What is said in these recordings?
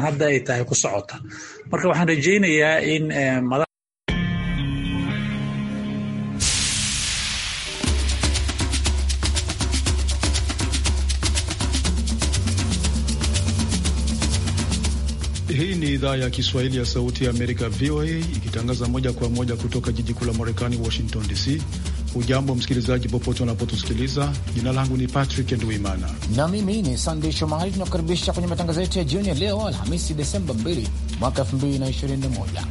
hadda ay tahay ku socota marka waxaan rajaynayaa in eh, Hii ni idhaa ya Kiswahili ya Sauti ya Amerika, VOA, ikitangaza moja kwa moja kutoka jiji kuu la Marekani, Washington DC ujambo msikilizaji, popote unapotusikiliza. Jina langu ni Patrick Nduimana na mimi ni Sandey Shomari. Tunakukaribisha kwenye matangazo yetu ya jioni ya leo Alhamisi, Desemba 2 mwaka 2021.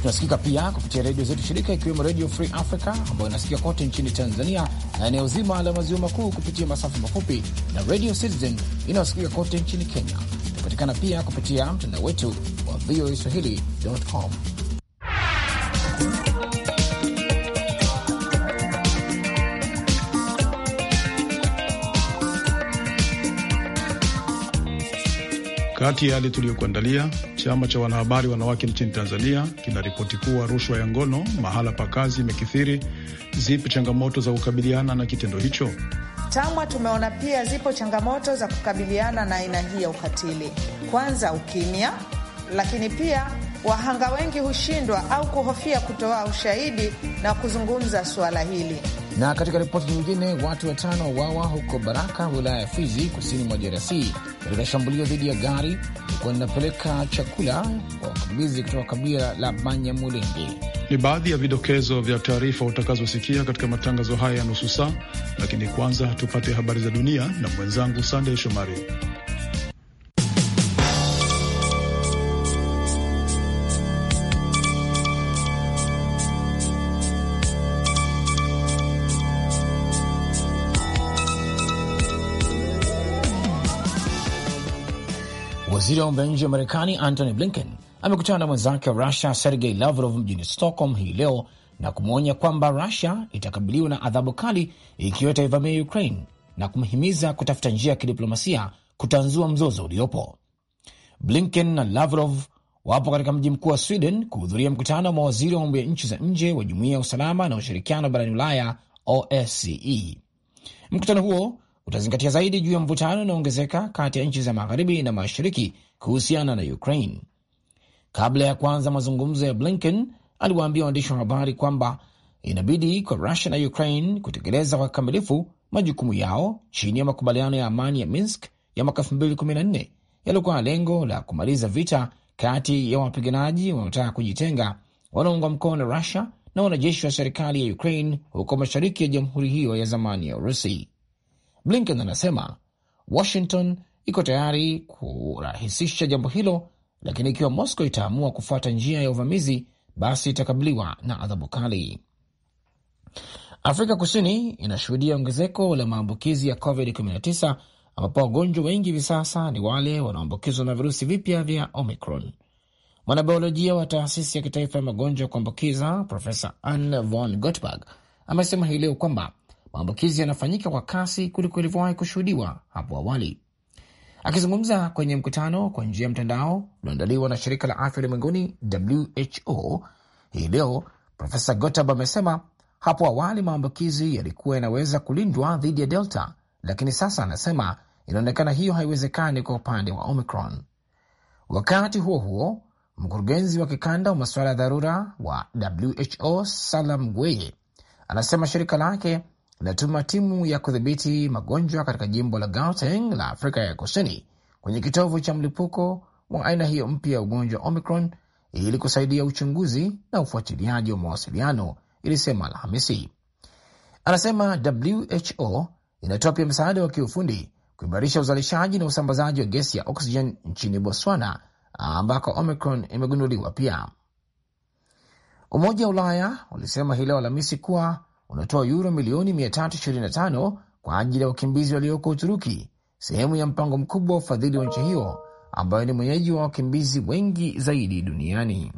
Tunasikika pia kupitia redio zetu shirika, ikiwemo Redio Free Africa ambayo inasikika kote nchini Tanzania na eneo zima la maziwa makuu kupitia masafa mafupi na Radio Citizen inayosikika kote nchini Kenya. Tunapatikana pia kupitia mtandao wetu wa VOA swahili.com. Kati ya yale tuliyokuandalia, chama cha wanahabari wanawake nchini Tanzania kinaripoti kuwa rushwa ya ngono mahala pa kazi imekithiri. Zipi changamoto za kukabiliana na kitendo hicho? TAMWA tumeona pia zipo changamoto za kukabiliana na aina hii ya ukatili. Kwanza ukimya, lakini pia wahanga wengi hushindwa au kuhofia kutoa ushahidi na kuzungumza suala hili. Na katika ripoti nyingine, watu watano wawa huko Baraka, wilaya ya Fizi, kusini mwa DRC, katika shambulio dhidi ya gari likuwa linapeleka chakula kwa wakimbizi kutoka kabila la Banyamulenge. Ni baadhi ya vidokezo vya taarifa utakazosikia katika matangazo haya ya nusu saa, lakini kwanza tupate habari za dunia na mwenzangu Sandey Shomari. Waziri wa mambo ya nje wa Marekani Antony Blinken amekutana na mwenzake wa Rusia Sergei Lavrov mjini Stockholm hii leo na kumwonya kwamba Rusia itakabiliwa na adhabu kali ikiwa itaivamia Ukraine na kumhimiza kutafuta njia ya kidiplomasia kutanzua mzozo uliopo. Blinken na Lavrov wapo katika mji mkuu wa Sweden kuhudhuria mkutano wa mawaziri wa mambo ya nchi za nje wa Jumuiya ya Usalama na Ushirikiano barani Ulaya, OSCE. Mkutano huo utazingatia zaidi juu ya mvutano unaoongezeka kati ya nchi za magharibi na mashariki kuhusiana na Ukraine. Kabla ya kuanza mazungumzo ya Blinken aliwaambia waandishi wa habari kwamba inabidi kwa Rusia na Ukraine kutekeleza kwa kikamilifu majukumu yao chini ya makubaliano ya amani ya Minsk ya mwaka 2014 yaliokuwa na lengo la kumaliza vita kati ya wapiganaji wanaotaka kujitenga wanaungwa mkono na Rusia na wanajeshi wa serikali ya Ukraine huko mashariki ya jamhuri hiyo ya zamani ya Urusi. Blinken anasema Washington iko tayari kurahisisha jambo hilo, lakini ikiwa Moscow itaamua kufuata njia ya uvamizi, basi itakabiliwa na adhabu kali. Afrika Kusini inashuhudia ongezeko la maambukizi ya COVID-19 ambapo wagonjwa wengi hivi sasa ni wale wanaoambukizwa na virusi vipya vya Omicron. Mwanabiolojia wa taasisi ya kitaifa ya magonjwa ya kuambukiza Profesa Anne von Gotberg amesema hii leo kwamba maambukizi yanafanyika kwa kasi kuliko ilivyowahi kushuhudiwa hapo awali. Akizungumza kwenye mkutano kwa njia ya mtandao ulioandaliwa na shirika la afya ulimwenguni WHO hii leo, Profesa Gotab amesema hapo awali maambukizi yalikuwa yanaweza kulindwa dhidi ya Delta, lakini sasa anasema inaonekana hiyo haiwezekani kwa upande wa Omicron. Wakati huo huo, mkurugenzi wa kikanda wa masuala ya dharura wa WHO Salam Gweye anasema shirika lake linatuma timu ya kudhibiti magonjwa katika jimbo la Gauteng la Afrika ya Kusini kwenye kitovu cha mlipuko wa aina hiyo mpya ya ugonjwa Omicron ili kusaidia uchunguzi na ufuatiliaji wa mawasiliano, ilisema Alhamisi. Anasema WHO inatoa pia msaada wa kiufundi kuimarisha uzalishaji na usambazaji wa gesi ya oksijen nchini Botswana ambako Omicron imegunduliwa pia. Umoja wa Ulaya ulisema hii leo Alhamisi kuwa unatoa yuro milioni 325 kwa ajili ya wakimbizi walioko Uturuki, sehemu ya mpango mkubwa wa ufadhili wa nchi hiyo ambayo ni mwenyeji wa wakimbizi wengi zaidi duniani.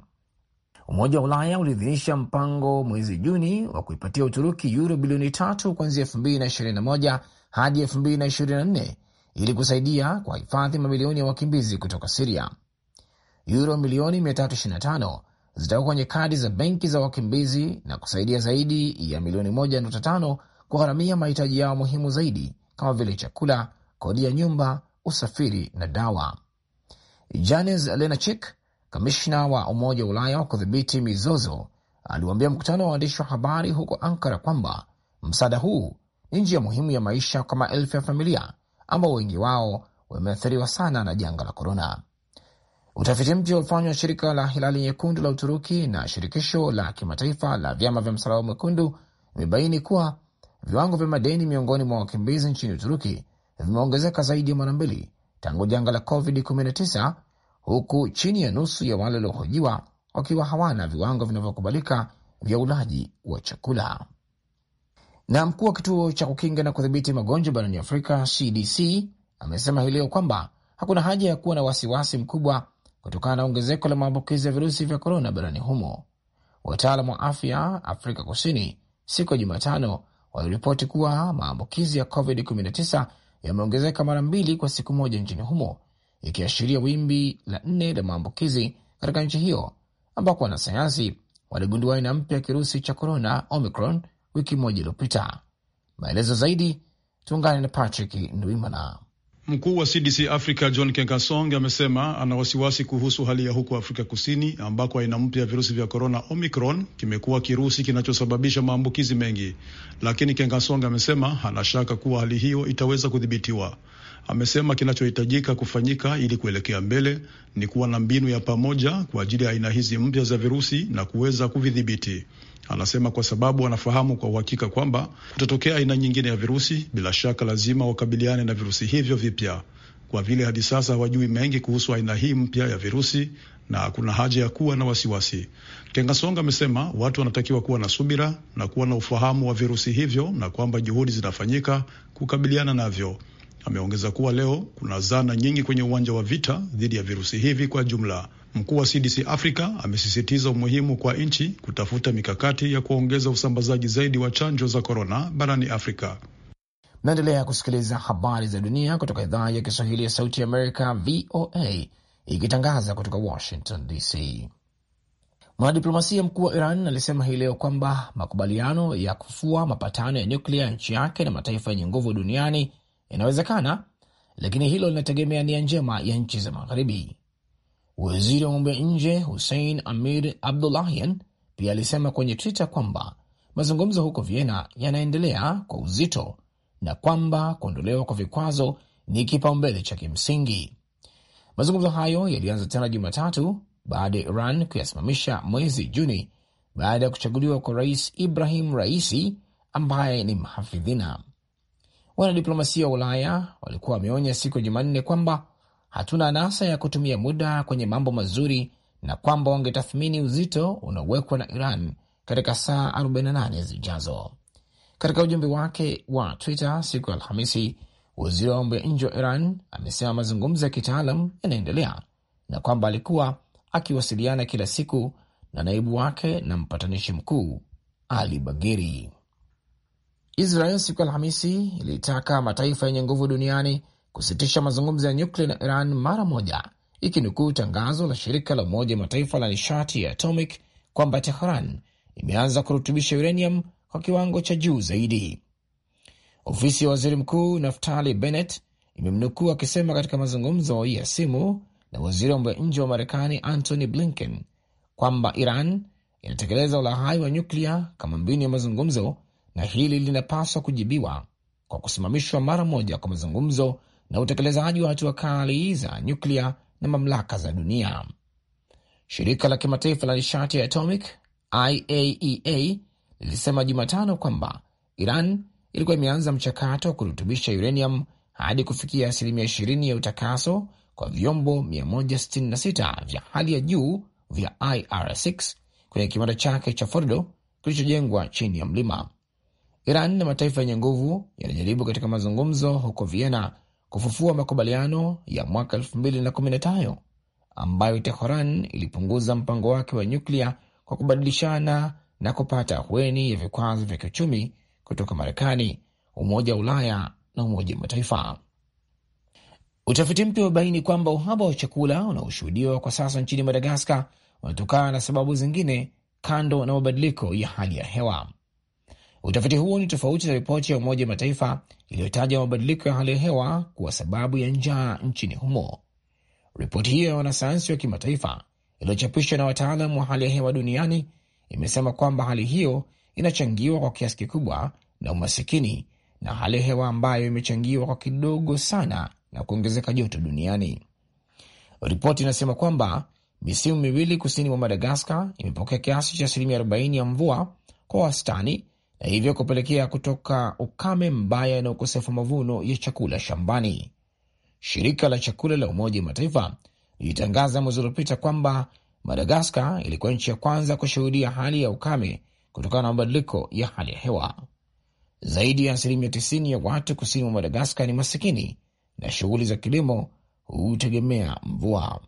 Umoja wa Ulaya uliidhinisha mpango mwezi Juni wa kuipatia Uturuki yuro bilioni tatu kuanzia 2021 hadi 2024 ili kusaidia kwa hifadhi mamilioni ya wakimbizi kutoka Siria. Yuro milioni 325 zitawekwa kwenye kadi za benki za wakimbizi na kusaidia zaidi ya milioni 1.5 kugharamia mahitaji yao muhimu zaidi kama vile chakula, kodi ya nyumba, usafiri na dawa. Janes Lenachik, kamishna wa Umoja wa Ulaya wa kudhibiti mizozo, aliwaambia mkutano wa waandishi wa habari huko Ankara kwamba msaada huu ni njia muhimu ya maisha kwa maelfu ya familia ambao wengi wao wameathiriwa sana na janga la korona. Utafiti mpya ulifanywa na shirika la Hilali Nyekundu la Uturuki na shirikisho la kimataifa la vyama vya Msalaba Mwekundu imebaini kuwa viwango vya madeni miongoni mwa wakimbizi nchini Uturuki vimeongezeka zaidi ya mara mbili tangu janga la COVID-19, huku chini ya nusu ya wale waliohojiwa wakiwa hawana viwango vinavyokubalika vya ulaji wa chakula. Na mkuu wa kituo cha kukinga na kudhibiti magonjwa barani Afrika, CDC, amesema hii leo kwamba hakuna haja ya kuwa na wasiwasi mkubwa kutokana na ongezeko la maambukizi ya virusi vya korona barani humo. Wataalam wa afya Afrika Kusini siku ya Jumatano waliripoti kuwa maambukizi ya COVID-19 yameongezeka mara mbili kwa siku moja nchini humo, ikiashiria wimbi la nne la maambukizi katika nchi hiyo, ambako wanasayansi waligundua aina mpya ya kirusi cha korona Omicron wiki moja iliyopita. Maelezo zaidi tuungane na Patrick Ndwimana. Mkuu wa CDC Africa John Kengasong amesema ana wasiwasi kuhusu hali ya huko Afrika Kusini ambako aina mpya ya virusi vya korona Omicron kimekuwa kirusi kinachosababisha maambukizi mengi, lakini Kengasong amesema hana shaka kuwa hali hiyo itaweza kudhibitiwa. Amesema kinachohitajika kufanyika ili kuelekea mbele ni kuwa na mbinu ya pamoja kwa ajili ya aina hizi mpya za virusi na kuweza kuvidhibiti. Anasema kwa sababu wanafahamu kwa uhakika kwamba kutatokea aina nyingine ya virusi, bila shaka lazima wakabiliane na virusi hivyo vipya. Kwa vile hadi sasa hawajui mengi kuhusu aina hii mpya ya virusi na kuna haja ya kuwa na wasiwasi. Kengasonga amesema watu wanatakiwa kuwa na subira na kuwa na ufahamu wa virusi hivyo na kwamba juhudi zinafanyika kukabiliana navyo. Ameongeza kuwa leo kuna zana nyingi kwenye uwanja wa vita dhidi ya virusi hivi kwa jumla. Mkuu wa CDC Africa amesisitiza umuhimu kwa nchi kutafuta mikakati ya kuongeza usambazaji zaidi wa chanjo za korona barani Afrika. Mnaendelea kusikiliza habari za dunia kutoka idhaa ya Kiswahili ya Sauti ya Amerika, VOA, ikitangaza kutoka Washington DC. Mwanadiplomasia mkuu wa Iran alisema hii leo kwamba makubaliano ya kufua mapatano ya nyuklia ya nchi yake na mataifa yenye nguvu duniani Inawezekana, lakini hilo linategemea nia njema ya nchi za Magharibi. Waziri wa mambo ya nje Hussein Amir Abdullahian pia alisema kwenye Twitter kwamba mazungumzo huko Vienna yanaendelea kwa uzito na kwamba kuondolewa kwa vikwazo ni kipaumbele cha kimsingi. Mazungumzo hayo yalianza tena Jumatatu baada ya Iran kuyasimamisha mwezi Juni baada ya kuchaguliwa kwa Rais Ibrahim Raisi ambaye ni mhafidhina. Wanadiplomasia wa Ulaya walikuwa wameonya siku ya Jumanne kwamba hatuna anasa ya kutumia muda kwenye mambo mazuri na kwamba wangetathmini uzito unaowekwa na Iran katika saa 48 zijazo. Katika ujumbe wake wa Twitter siku ya Alhamisi, waziri wa mambo ya nje wa Iran amesema mazungumzo ya kitaalam yanaendelea na kwamba alikuwa akiwasiliana kila siku na naibu wake na mpatanishi mkuu Ali Bagheri. Israel siku ya Alhamisi ilitaka mataifa yenye nguvu duniani kusitisha mazungumzo ya nyuklia na Iran mara moja, ikinukuu tangazo la shirika la Umoja Mataifa la nishati ya atomic kwamba Tehran imeanza kurutubisha uranium kwa kiwango cha juu zaidi. Ofisi ya waziri mkuu Naftali Bennett imemnukuu akisema katika mazungumzo ya simu na waziri wa mambo ya nje wa Marekani Antony Blinken kwamba Iran inatekeleza ulahai wa nyuklia kama mbinu ya mazungumzo na hili linapaswa kujibiwa kwa kusimamishwa mara moja kwa mazungumzo na utekelezaji wa hatua kali za nyuklia na mamlaka za dunia. Shirika la kimataifa la nishati ya atomic IAEA e lilisema Jumatano kwamba Iran ilikuwa imeanza mchakato wa kurutubisha uranium hadi kufikia asilimia 20 ya utakaso kwa vyombo 166 vya hali ya juu vya IR6 kwenye kiwanda chake cha Fordo kilichojengwa chini ya mlima. Iran na mataifa yenye nguvu yanajaribu katika mazungumzo huko Vienna kufufua makubaliano ya mwaka 2015 ambayo Teheran ilipunguza mpango wake wa nyuklia kwa kubadilishana na kupata ahueni ya vikwazo vya kiuchumi kutoka Marekani, Umoja wa Ulaya na Umoja wa Mataifa. Utafiti mpya umebaini kwamba uhaba wa chakula unaoshuhudiwa kwa sasa nchini Madagaskar unatokana na sababu zingine kando na mabadiliko ya hali ya hewa. Utafiti huo ni tofauti na ripoti ya Umoja wa Mataifa iliyotaja mabadiliko ya hali ya hewa kuwa sababu ya njaa nchini humo. Ripoti hiyo ya wanasayansi wa kimataifa iliyochapishwa na wataalam wa hali ya hewa duniani imesema kwamba hali hiyo inachangiwa kwa kiasi kikubwa na umasikini na hali ya hewa ambayo imechangiwa kwa kidogo sana na kuongezeka joto duniani. Ripoti inasema kwamba misimu miwili kusini mwa Madagaskar imepokea kiasi cha asilimia 40 ya mvua kwa wastani na hivyo kupelekea kutoka ukame mbaya na ukosefu wa mavuno ya chakula shambani. Shirika la chakula la Umoja wa Mataifa lilitangaza mwezi uliopita kwamba Madagaskar ilikuwa nchi ya kwanza kushuhudia hali ya ukame kutokana na mabadiliko ya hali ya hewa. Zaidi ya asilimia 90 ya watu kusini mwa Madagaskar ni masikini na shughuli za kilimo hutegemea mvua.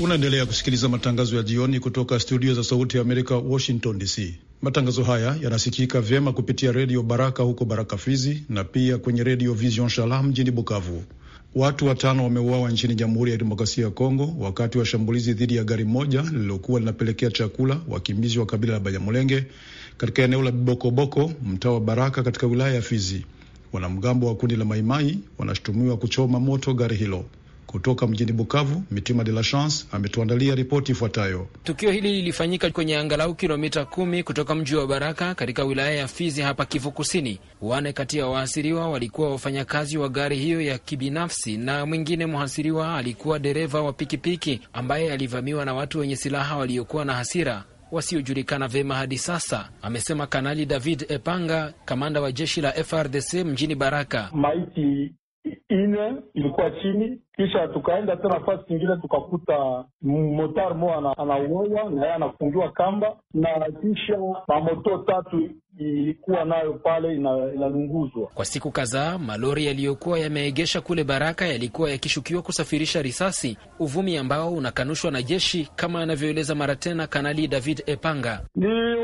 Unaendelea kusikiliza matangazo ya jioni kutoka studio za Sauti ya Amerika, Washington DC. Matangazo haya yanasikika vyema kupitia Redio Baraka huko Baraka, Fizi, na pia kwenye Redio Vision Shala mjini Bukavu. Watu watano wameuawa nchini Jamhuri ya Demokrasia ya Kongo wakati wa shambulizi dhidi ya gari moja lililokuwa linapelekea chakula wakimbizi wa kabila la Banyamulenge katika eneo la Bibokoboko, mtaa wa Baraka katika wilaya ya Fizi. Wanamgambo wa kundi la Maimai wanashutumiwa kuchoma moto gari hilo. Kutoka mjini Bukavu, Mitima de la Chance ametuandalia ripoti ifuatayo. Tukio hili lilifanyika kwenye angalau kilomita kumi kutoka mji wa Baraka katika wilaya ya Fizi hapa Kivu Kusini. Wane kati ya waasiriwa walikuwa wafanyakazi wa gari hiyo ya kibinafsi na mwingine mhasiriwa alikuwa dereva wa pikipiki ambaye alivamiwa na watu wenye silaha waliokuwa na hasira wasiojulikana vyema hadi sasa, amesema Kanali David Epanga, kamanda wa jeshi la FRDC mjini Baraka. Maiti ine ilikuwa chini, kisha tukaenda tena nafasi nyingine tukakuta motar mo anauawa na yeye anafungiwa kamba, na kisha mamoto tatu ilikuwa nayo pale inalunguzwa ina. Kwa siku kadhaa malori yaliyokuwa yameegesha kule Baraka yalikuwa yakishukiwa kusafirisha risasi, uvumi ambao unakanushwa na jeshi, kama anavyoeleza mara tena Kanali David Epanga ni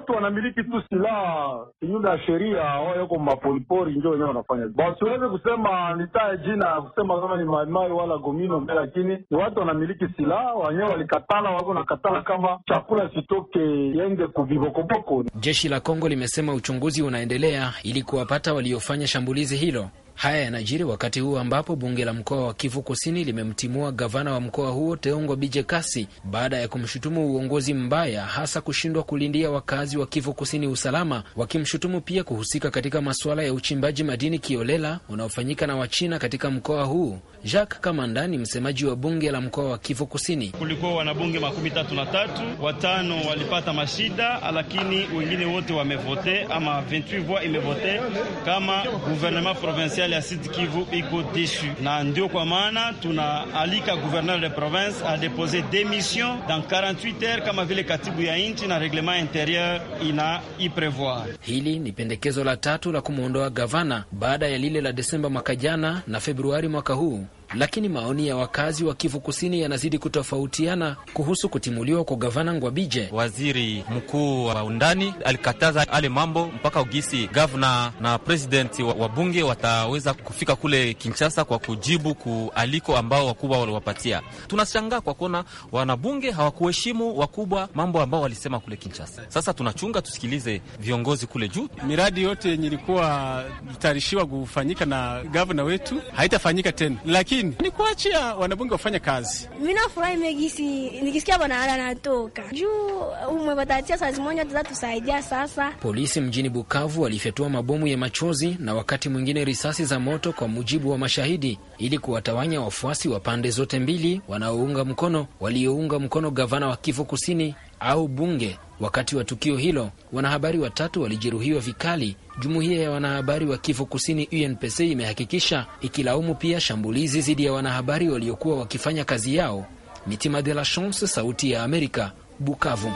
watu wanamiliki tu silaha kinyume ya sheria, wao wako mapolipori, njo wenyewe wanafanya basiweze Siwezi kusema nitaye jina ya kusema kama ni maimai wala gomino mbe, lakini ni watu wanamiliki silaha wenyewe, walikatala wako nakatala kama chakula sitoke yende kuvibokoboko. Jeshi la Kongo limesema uchunguzi unaendelea ili kuwapata waliofanya shambulizi hilo. Haya yanajiri wakati huu ambapo bunge la mkoa wa Kivu Kusini limemtimua gavana wa mkoa huo teongo Bije Kasi baada ya kumshutumu uongozi mbaya, hasa kushindwa kulindia wakazi wa Kivu Kusini usalama, wakimshutumu pia kuhusika katika masuala ya uchimbaji madini kiolela unaofanyika na Wachina katika mkoa huu. Jacques Kamanda ni msemaji wa bunge la mkoa wa Kivu Kusini. Kulikuwa wanabunge makumi tatu na tatu, watano walipata mashida, lakini wengine wote wamevote ama 28 voix imevote kama gouvernement provincial serikali ya Sud Kivu iko deshu, na ndio kwa maana tunaalika gouverneur de province a depose demission dans 48 heures kama vile katibu ya nchi na reglement interieur ina iprevoir. Hili ni pendekezo la tatu la kumwondoa gavana baada ya lile la Desemba mwaka jana na Februari mwaka huu lakini maoni ya wakazi wa Kivu Kusini yanazidi kutofautiana kuhusu kutimuliwa kwa gavana Ngwabije. Waziri mkuu wa undani alikataza ale mambo mpaka ugisi gavana na presidenti wa bunge wataweza kufika kule Kinshasa kwa kujibu kualiko ambao wakubwa waliwapatia. Tunashangaa kwa kuona wanabunge hawakuheshimu wakubwa, mambo ambao walisema kule Kinshasa. Sasa tunachunga tusikilize viongozi kule juu. Miradi yote yenye ilikuwa itarishiwa kufanyika na gavana wetu haitafanyika tena, lakini chini, ni kuachia wanabunge wafanye kazi. Mimi nafurahi megisi nikisikia bwana ala anatoka juu umepatatia sazi moja tuzatusaidia. sasa. Polisi mjini Bukavu walifyatua mabomu ya machozi na wakati mwingine risasi za moto, kwa mujibu wa mashahidi, ili kuwatawanya wafuasi wa pande zote mbili wanaounga mkono waliounga mkono gavana wa Kivu Kusini au bunge. Wakati wa tukio hilo, wanahabari watatu walijeruhiwa vikali. Jumuiya ya wanahabari wa Kivu Kusini UNPC imehakikisha ikilaumu pia shambulizi dhidi ya wanahabari waliokuwa wakifanya kazi yao. Mitima de la Chance, Sauti ya Amerika, Bukavu.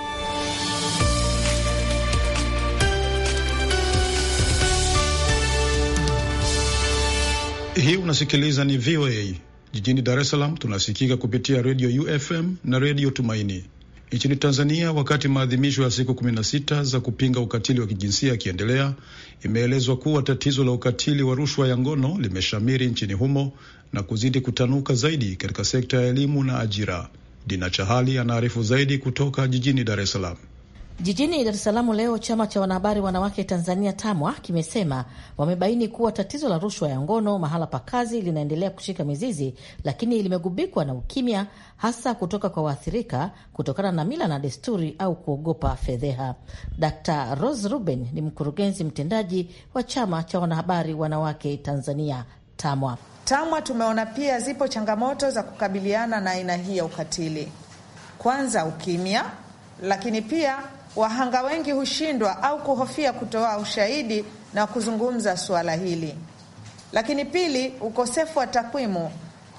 Hii unasikiliza ni VOA jijini Dar es Salaam, tunasikika kupitia redio UFM na redio Tumaini. Nchini Tanzania, wakati maadhimisho ya siku 16 za kupinga ukatili wa kijinsia yakiendelea, imeelezwa kuwa tatizo la ukatili wa rushwa ya ngono limeshamiri nchini humo na kuzidi kutanuka zaidi katika sekta ya elimu na ajira. Dina Chahali anaarifu zaidi kutoka jijini Dar es Salaam. Jijini Dar es Salaam leo, chama cha wanahabari wanawake Tanzania TAMWA kimesema wamebaini kuwa tatizo la rushwa ya ngono mahala pa kazi linaendelea kushika mizizi, lakini limegubikwa na ukimya, hasa kutoka kwa waathirika kutokana na mila na desturi au kuogopa fedheha. d Rose Ruben ni mkurugenzi mtendaji wa chama cha wanahabari wanawake Tanzania TAMWA. TAMWA tumeona pia zipo changamoto za kukabiliana na aina hii ya ukatili, kwanza ukimya, lakini pia wahanga wengi hushindwa au kuhofia kutoa ushahidi na kuzungumza suala hili. Lakini pili, ukosefu wa takwimu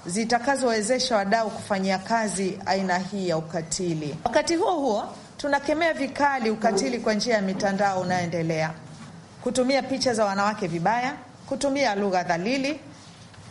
zitakazowezesha wadau kufanyia kazi aina hii ya ukatili. Wakati huo huo, tunakemea vikali ukatili kwa njia ya mitandao unayoendelea, kutumia picha za wanawake vibaya, kutumia lugha dhalili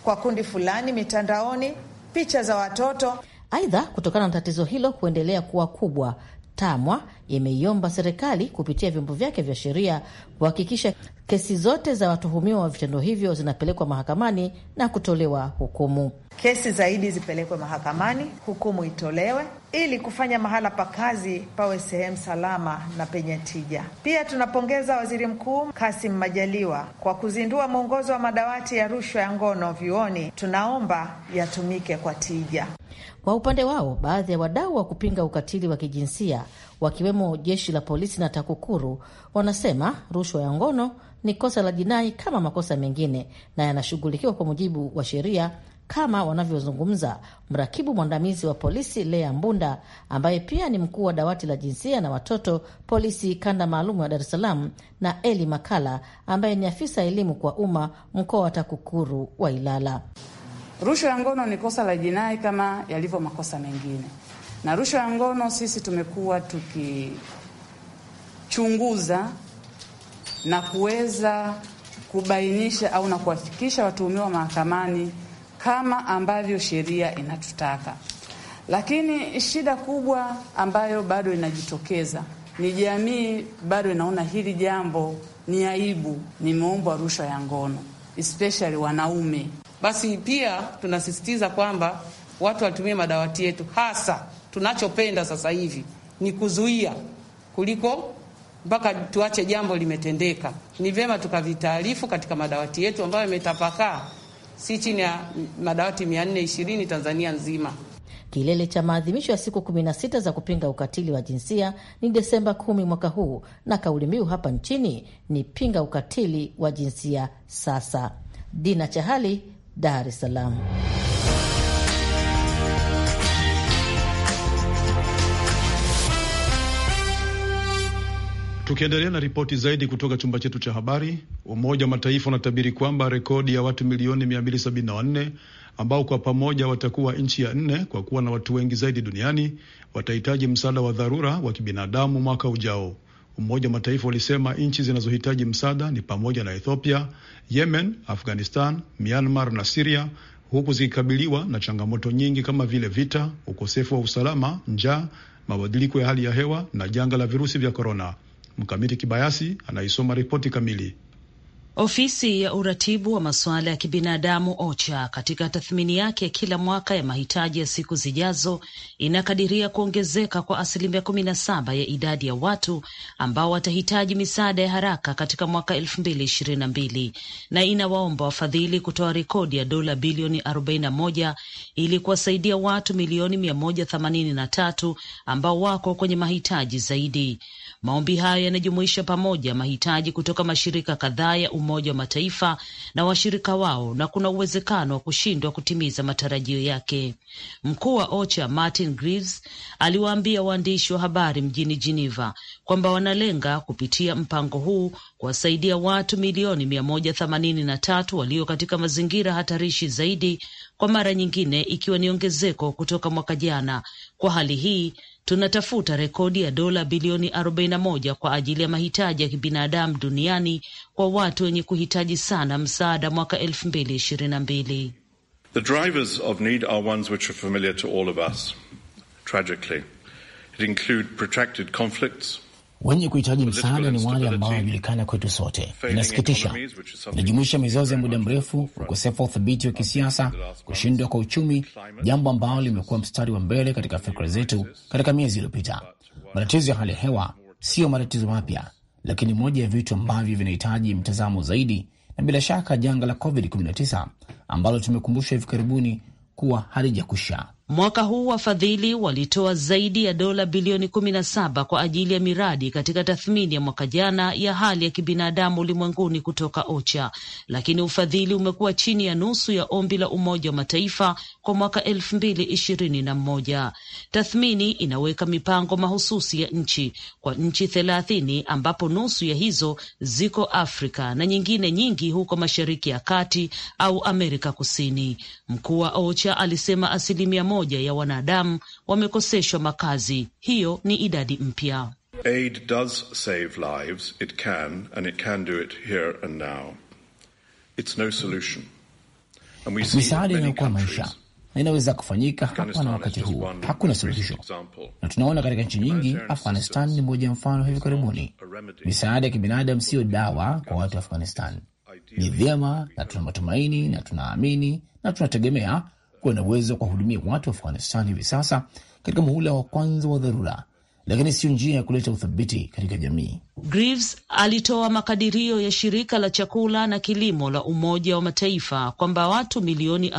kwa kundi fulani mitandaoni, picha za watoto. Aidha, kutokana na tatizo hilo kuendelea kuwa kubwa, TAMWA imeiomba serikali kupitia vyombo vyake vya sheria kuhakikisha kesi zote za watuhumiwa wa vitendo hivyo zinapelekwa mahakamani na kutolewa hukumu kesi zaidi zipelekwe mahakamani, hukumu itolewe, ili kufanya mahala pa kazi pawe sehemu salama na penye tija. Pia tunapongeza Waziri Mkuu Kasim Majaliwa kwa kuzindua mwongozo wa madawati ya rushwa ya ngono vyuoni. Tunaomba yatumike kwa tija. Kwa upande wao, baadhi ya wadau wa kupinga ukatili wa kijinsia wakiwemo jeshi la polisi na TAKUKURU wanasema rushwa ya ngono ni kosa la jinai kama makosa mengine na yanashughulikiwa kwa mujibu wa sheria kama wanavyozungumza mrakibu mwandamizi wa polisi Lea Mbunda, ambaye pia ni mkuu wa dawati la jinsia na watoto polisi kanda maalum ya Dar es Salaam, na Eli Makala ambaye ni afisa elimu kwa umma mkoa wa TAKUKURU wa Ilala. Rushwa ya ngono ni kosa la jinai kama yalivyo makosa mengine, na rushwa ya ngono sisi tumekuwa tukichunguza na kuweza kubainisha au na kuwafikisha watuhumiwa mahakamani kama ambavyo sheria inatutaka. Lakini shida kubwa ambayo bado inajitokeza ni jamii bado inaona hili jambo ni aibu, ni rushwa ya ngono especially wanaume. Basi pia tunasisitiza kwamba watu watumie madawati yetu, hasa tunachopenda sasa hivi ni kuzuia kuliko mpaka tuache jambo limetendeka. Ni vyema tukavitaarifu katika madawati yetu ambayo yametapakaa si chini ya madawati 420 Tanzania nzima. Kilele cha maadhimisho ya siku 16 za kupinga ukatili wa jinsia ni Desemba 10 mwaka huu, na kauli mbiu hapa nchini ni pinga ukatili wa jinsia sasa. Dina Chahali, Dar es Salaam. Tukiendelea na ripoti zaidi kutoka chumba chetu cha habari, Umoja wa Mataifa unatabiri kwamba rekodi ya watu milioni 274 ambao kwa pamoja watakuwa nchi ya nne kwa kuwa na watu wengi zaidi duniani watahitaji msaada wa dharura wa kibinadamu mwaka ujao. Umoja wa Mataifa ulisema nchi zinazohitaji msaada ni pamoja na Ethiopia, Yemen, Afghanistan, Myanmar na Siria, huku zikikabiliwa na changamoto nyingi kama vile vita, ukosefu wa usalama, njaa, mabadiliko ya hali ya hewa na janga la virusi vya korona. Mkamiti Kibayasi anaisoma ripoti kamili. Ofisi ya uratibu wa masuala ya kibinadamu OCHA katika tathmini yake ya kila mwaka ya mahitaji ya siku zijazo inakadiria kuongezeka kwa asilimia kumi na saba ya idadi ya watu ambao watahitaji misaada ya haraka katika mwaka elfu mbili ishirini na mbili na inawaomba wafadhili kutoa rekodi ya dola bilioni arobaini na moja ili kuwasaidia watu milioni mia moja themanini na tatu ambao wako kwenye mahitaji zaidi. Maombi hayo yanajumuisha pamoja mahitaji kutoka mashirika kadhaa ya Umoja wa Mataifa na washirika wao na kuna uwezekano wa kushindwa kutimiza matarajio yake. Mkuu wa OCHA Martin Grives aliwaambia waandishi wa habari mjini Geneva kwamba wanalenga kupitia mpango huu kuwasaidia watu milioni mia moja themanini na tatu walio katika mazingira hatarishi zaidi, kwa mara nyingine ikiwa ni ongezeko kutoka mwaka jana kwa hali hii tunatafuta rekodi ya dola bilioni 41 kwa ajili ya mahitaji ya kibinadamu duniani kwa watu wenye kuhitaji sana msaada mwaka 2022. The drivers of need are ones which are familiar to all of us. Tragically, it include protracted conflicts Wenye kuhitaji msaada ni wale ambao wanajulikana kwetu sote. Inasikitisha, inajumuisha mizozo ya muda mrefu, ukosefu wa uthabiti wa kisiasa, kushindwa kwa uchumi, jambo ambalo limekuwa mstari wa mbele katika fikra zetu katika miezi iliyopita. Uh, matatizo ya hali ya hewa siyo matatizo mapya, lakini moja ya vitu ambavyo vinahitaji mtazamo zaidi, na bila shaka janga la COVID-19 ambalo tumekumbushwa hivi karibuni kuwa halijakusha Mwaka huu wafadhili walitoa zaidi ya dola bilioni kumi na saba kwa ajili ya miradi katika tathmini ya mwaka jana ya hali ya kibinadamu ulimwenguni kutoka OCHA, lakini ufadhili umekuwa chini ya nusu ya ombi la Umoja wa Mataifa kwa mwaka elfu mbili ishirini na Tathmini inaweka mipango mahususi ya nchi kwa nchi thelathini ambapo nusu ya hizo ziko Afrika na nyingine nyingi huko Mashariki ya Kati au Amerika Kusini. Mkuu wa OCHA alisema asilimia moja ya wanadamu wamekoseshwa makazi. Hiyo ni idadi mpya. Aid does save lives. It can, and it can do it here and now. It's no solution. And we see misaada inayokoa maisha na inaweza kufanyika hapa na wakati huu. Hakuna suluhisho, na tunaona katika nchi nyingi. Afghanistan ni moja mfano. Hivi karibuni misaada ya kibinadamu siyo dawa kwa watu wa Afghanistan. Ni vyema na tuna matumaini na tunaamini na tunategemea kuwa na uwezo wa kuwahudumia watu wa Afghanistan hivi sasa katika muhula wa kwanza wa dharura, lakini sio njia ya kuleta uthabiti katika jamii. Greaves alitoa makadirio ya shirika la chakula na kilimo la Umoja wa Mataifa kwamba watu milioni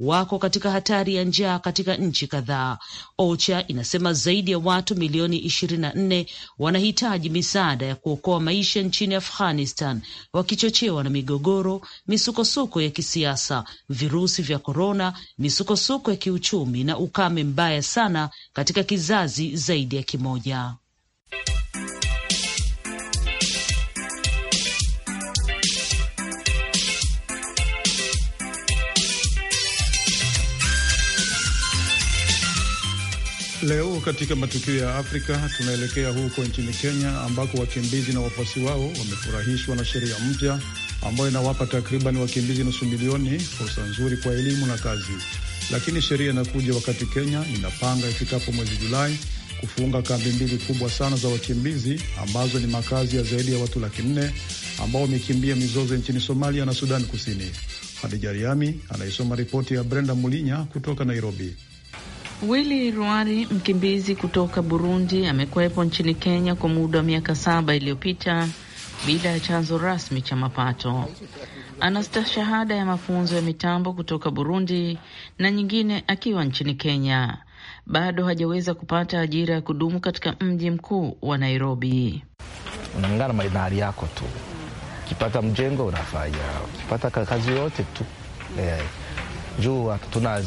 wako katika hatari ya njaa katika nchi kadhaa. OCHA inasema zaidi ya watu milioni ishirini na nne wanahitaji misaada ya kuokoa maisha nchini Afghanistan, wakichochewa na migogoro, misukosuko ya kisiasa, virusi vya korona, misukosuko ya kiuchumi na ukame mbaya sana katika kizazi zaidi ya kimoja. Leo katika matukio ya Afrika tunaelekea huko nchini Kenya ambako wakimbizi na wafuasi wao wamefurahishwa na sheria mpya ambayo inawapa takriban wakimbizi nusu milioni fursa nzuri kwa elimu na kazi. Lakini sheria inakuja wakati Kenya inapanga ifikapo mwezi Julai kufunga kambi mbili kubwa sana za wakimbizi ambazo ni makazi ya zaidi ya watu laki nne ambao wamekimbia mizozo nchini Somalia na Sudani Kusini. Hadija Riami anaisoma ripoti ya Brenda Mulinya kutoka Nairobi. Willy Rwari, mkimbizi kutoka Burundi, amekuwepo nchini Kenya kwa muda wa miaka saba iliyopita bila ya chanzo rasmi cha mapato. Ana stashahada ya mafunzo ya mitambo kutoka Burundi na nyingine akiwa nchini Kenya. Bado hajaweza kupata ajira ya kudumu katika mji mkuu wa Nairobi. unangana na hali yako tu, ukipata mjengo unafanya, ukipata kazi yote tu eh juu hatuna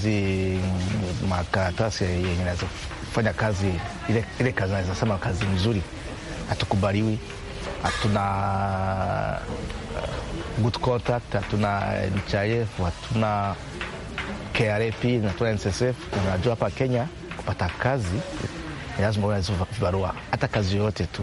makaratasi yenye naweza kufanya kazi ile, ile kazi naweza sema kazi mzuri, hatukubaliwi, hatuna uh, good contact, hatuna NHIF, hatuna KRP, hatuna NSSF. Unajua hapa Kenya kupata kazi ni lazima uwe vibarua, hata kazi yoyote tu.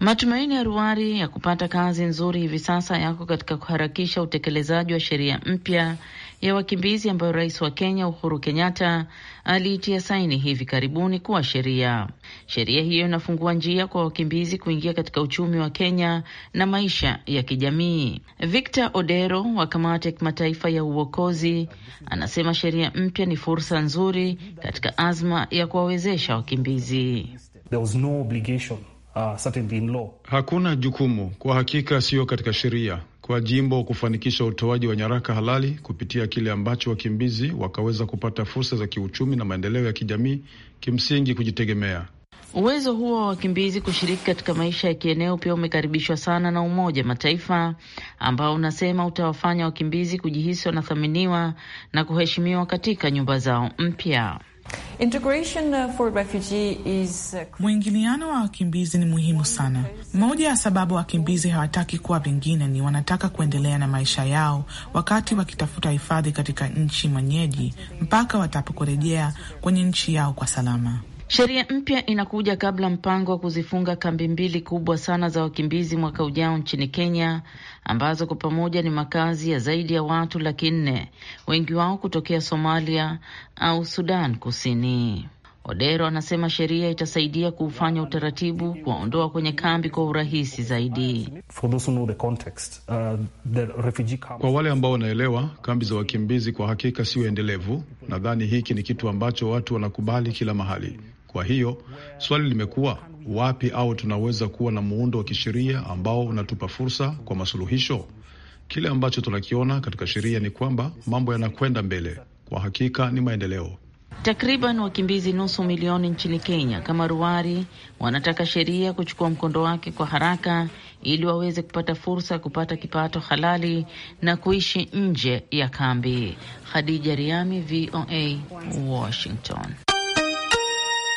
Matumaini ya Ruari ya kupata kazi nzuri hivi sasa yako katika kuharakisha utekelezaji wa sheria mpya ya wakimbizi ambayo rais wa Kenya Uhuru Kenyatta aliitia saini hivi karibuni kuwa sheria. Sheria hiyo inafungua njia kwa wakimbizi kuingia katika uchumi wa Kenya na maisha ya kijamii. Victor Odero wa kamati ya kimataifa ya uokozi anasema sheria mpya ni fursa nzuri katika azma ya kuwawezesha wakimbizi. There was no obligation, uh, certainly in law. Hakuna jukumu kwa hakika, siyo katika sheria kwa jimbo kufanikisha utoaji wa nyaraka halali kupitia kile ambacho wakimbizi wakaweza kupata fursa za kiuchumi na maendeleo ya kijamii, kimsingi kujitegemea. Uwezo huo wa wakimbizi kushiriki katika maisha ya kieneo pia umekaribishwa sana na Umoja Mataifa ambao unasema utawafanya wakimbizi kujihisi wanathaminiwa na kuheshimiwa katika nyumba zao mpya. Uh, uh, Mwingiliano wa wakimbizi ni muhimu sana. Moja ya sababu wakimbizi hawataki kuwa vingine ni wanataka kuendelea na maisha yao wakati wakitafuta hifadhi katika nchi mwenyeji mpaka watapokurejea kwenye nchi yao kwa salama. Sheria mpya inakuja kabla mpango wa kuzifunga kambi mbili kubwa sana za wakimbizi mwaka ujao nchini Kenya, ambazo kwa pamoja ni makazi ya zaidi ya watu laki nne, wengi wao kutokea Somalia au Sudan Kusini. Odero anasema sheria itasaidia kuufanya utaratibu kuwaondoa kwenye kambi kwa urahisi zaidi. Uh, kwa wale ambao wanaelewa, kambi za wakimbizi kwa hakika sio endelevu. Nadhani hiki ni kitu ambacho watu wanakubali kila mahali. Kwa hiyo swali limekuwa wapi au tunaweza kuwa na muundo wa kisheria ambao unatupa fursa kwa masuluhisho. Kile ambacho tunakiona katika sheria ni kwamba mambo yanakwenda mbele, kwa hakika ni maendeleo. Takriban wakimbizi nusu milioni nchini Kenya kama ruari wanataka sheria kuchukua mkondo wake kwa haraka ili waweze kupata fursa ya kupata kipato halali na kuishi nje ya kambi. Khadija Riami, VOA, Washington.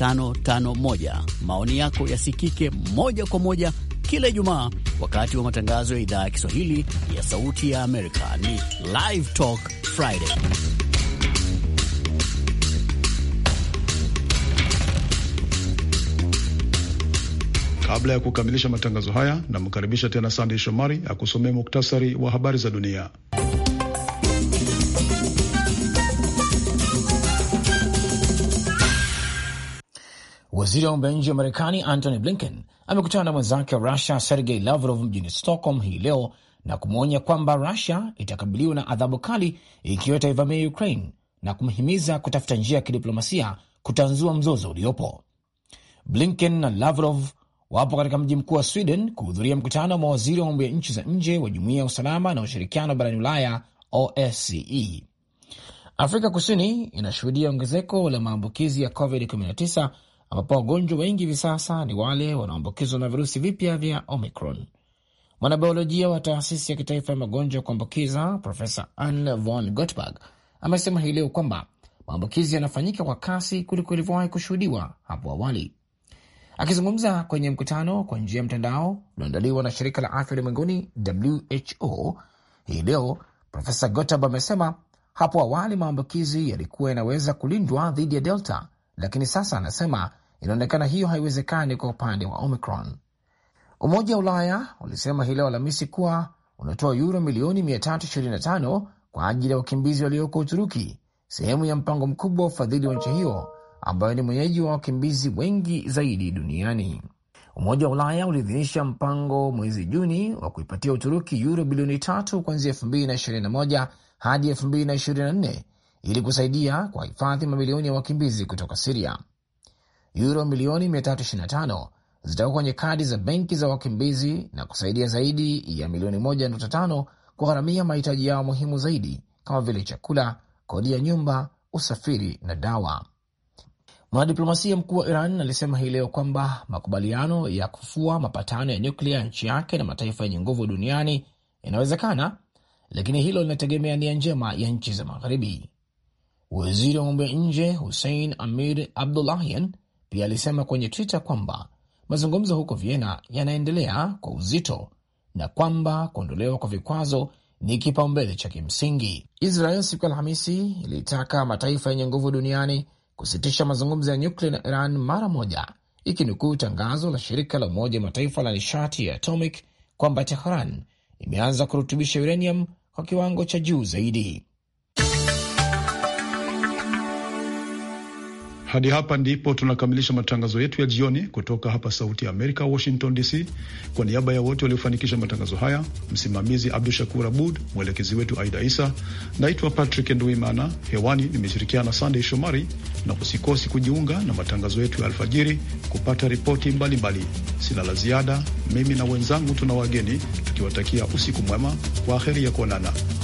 12551. Maoni yako yasikike moja kwa moja kila Ijumaa wakati wa matangazo ya idhaa ya Kiswahili ya Sauti ya Amerika. Ni Live Talk Friday. Kabla ya kukamilisha matangazo haya, namkaribisha tena Sandey Shomari akusomea muktasari wa habari za dunia. Waziri wa mambo ya nje wa Marekani Antony Blinken amekutana na mwenzake wa Rusia Sergei Lavrov mjini Stockholm hii leo na kumwonya kwamba Rusia itakabiliwa na adhabu kali ikiwa itaivamia Ukraine na kumhimiza kutafuta njia ya kidiplomasia kutanzua mzozo uliopo. Blinken na Lavrov wapo katika mji mkuu wa Sweden kuhudhuria mkutano wa mawaziri wa mambo ya nchi za nje wa jumuia ya Usalama na Ushirikiano barani Ulaya, OSCE. Afrika Kusini inashuhudia ongezeko la maambukizi ya COVID-19 ambapo wagonjwa wengi hivi sasa ni wale wanaoambukizwa na virusi vipya vya Omicron. Mwanabiolojia wa taasisi ya kitaifa ya magonjwa ya kuambukiza Profesa Anne von Gotberg amesema hii leo kwamba maambukizi yanafanyika kwa kasi kuliko ilivyowahi kushuhudiwa hapo awali. Akizungumza kwenye mkutano kwa njia ya mtandao ulioandaliwa na shirika la afya ulimwenguni WHO hii leo, Profesa Gotberg amesema hapo awali maambukizi yalikuwa yanaweza kulindwa dhidi ya Delta, lakini sasa anasema inaonekana hiyo haiwezekani kwa upande wa Omicron. Umoja wa Ulaya ulisema hii leo Alhamisi kuwa unatoa yuro milioni 325 kwa ajili ya wakimbizi walioko Uturuki, sehemu ya mpango mkubwa wa ufadhili wa nchi hiyo ambayo ni mwenyeji wa wakimbizi wengi zaidi duniani. Umoja wa Ulaya uliidhinisha mpango mwezi Juni wa kuipatia Uturuki yuro bilioni tatu kuanzia 2021 hadi 2024 ili kusaidia kwa hifadhi mamilioni ya wakimbizi kutoka Siria yuro milioni 325 zitawekwa kwenye kadi za benki za wakimbizi na kusaidia zaidi ya milioni 1.5 kugharamia mahitaji yao muhimu zaidi kama vile chakula, kodi ya nyumba, usafiri na dawa. Mwanadiplomasia mkuu wa Iran alisema hii leo kwamba makubaliano ya kufua mapatano ya nyuklia ya nchi yake na mataifa yenye nguvu duniani yanawezekana, lakini hilo linategemea nia njema ya nchi za Magharibi. Waziri wa mambo ya nje Hussein Amir Abdullahian pia alisema kwenye Twitter kwamba mazungumzo huko Vienna yanaendelea kwa uzito na kwamba kuondolewa kwa vikwazo ni kipaumbele cha kimsingi. Israel siku ya Alhamisi ilitaka mataifa yenye nguvu duniani kusitisha mazungumzo ya nyuklia na Iran mara moja, ikinukuu tangazo la shirika la Umoja Mataifa la nishati ya atomic kwamba Tehran imeanza kurutubisha uranium kwa kiwango cha juu zaidi. Hadi hapa ndipo tunakamilisha matangazo yetu ya jioni kutoka hapa Sauti ya Amerika, Washington DC. Kwa niaba ya wote waliofanikisha matangazo haya, msimamizi Abdu Shakur Abud, mwelekezi wetu Aida Isa. Naitwa Patrick Nduimana, hewani nimeshirikiana na Sandey Shomari, na usikosi kujiunga na matangazo yetu ya alfajiri kupata ripoti mbalimbali. Sina la ziada, mimi na wenzangu tuna wageni tukiwatakia usiku mwema. kwa aheri ya kuonana.